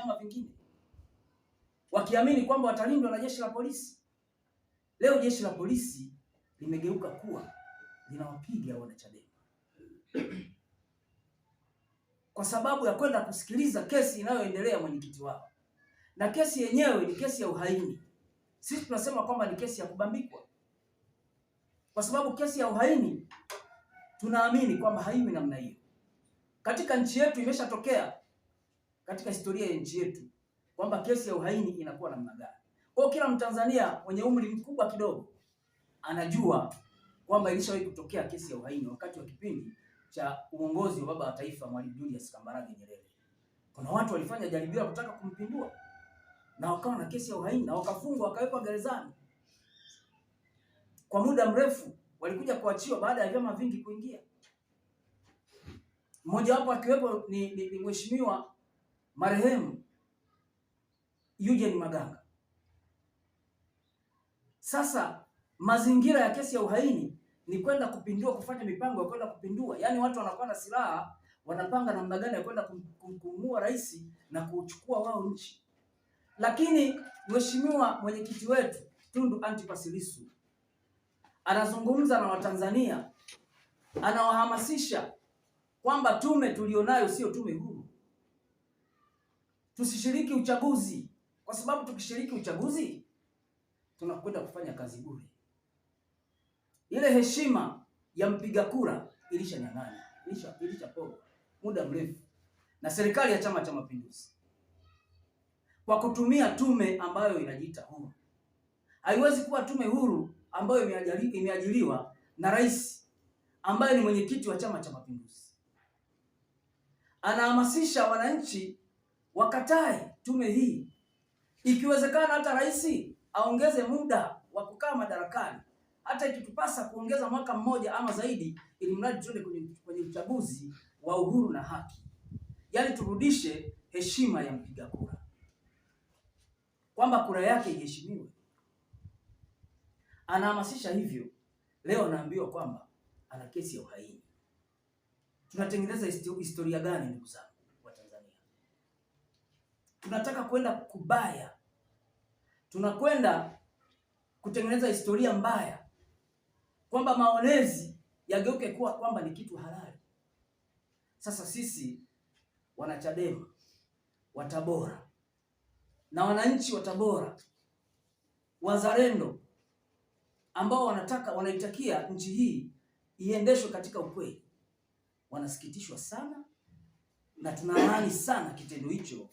vyama vingine, wakiamini kwamba watalindwa na jeshi la polisi. Leo jeshi la polisi limegeuka kuwa linawapiga wanachadema kwa sababu ya kwenda kusikiliza kesi inayoendelea mwenyekiti wao, na kesi yenyewe ni kesi ya uhaini. Sisi tunasema kwamba ni kesi ya kubambikwa, kwa sababu kesi ya uhaini tunaamini kwamba haimi namna hiyo katika nchi yetu. Imeshatokea katika historia ya nchi yetu kwamba kesi ya uhaini inakuwa namna gani. Kwa kila Mtanzania mwenye umri mkubwa kidogo anajua kwamba ilishawahi kutokea kesi ya uhaini wakati wa kipindi cha uongozi wa baba wa taifa Mwalimu Julius Kambarage Nyerere. Kuna watu walifanya jaribio la kutaka kumpindua na wakawa na kesi ya uhaini na wakafungwa, wakawekwa gerezani kwa muda mrefu, walikuja kuachiwa baada ya vyama vingi kuingia, mmojawapo akiwepo ni, ni, ni mheshimiwa marehemu Eugene Maganga. Sasa mazingira ya kesi ya uhaini ni kwenda kupindua, kufanya mipango ya kwenda kupindua, yaani watu wanakuwa na silaha, wanapanga namna gani ya kwenda kumuua rais na kuchukua wao nchi. Lakini mheshimiwa mwenyekiti wetu Tundu Antipas Lissu anazungumza na Watanzania, anawahamasisha kwamba tume tulionayo sio tume huru tusishiriki uchaguzi, kwa sababu tukishiriki uchaguzi tunakwenda kufanya kazi bure. Ile heshima ya mpiga kura ilishanyang'anywa, ilisha ilishapora muda mrefu na serikali ya Chama cha Mapinduzi kwa kutumia tume ambayo inajiita huru. Haiwezi kuwa tume huru ambayo imeajiliwa na rais ambaye ni mwenyekiti wa Chama cha Mapinduzi, anahamasisha wananchi wakatae tume hii, ikiwezekana hata rais aongeze muda wa kukaa madarakani, hata ikitupasa kuongeza mwaka mmoja ama zaidi, ili mradi tuende kwenye uchaguzi wa uhuru na haki, yaani turudishe heshima ya mpiga kura, kwamba kura yake iheshimiwe. Anahamasisha hivyo, leo anaambiwa kwamba ana kesi ya uhaini. Tunatengeneza historia gani, ndugu zangu? tunataka kwenda kubaya, tunakwenda kutengeneza historia mbaya kwamba maonezi yageuke kuwa kwamba ni kitu halali. Sasa sisi wanachadema wa Tabora na wananchi wa Tabora wazalendo ambao wanataka wanaitakia nchi hii iendeshwe katika ukweli, wanasikitishwa sana na tunaamani sana kitendo hicho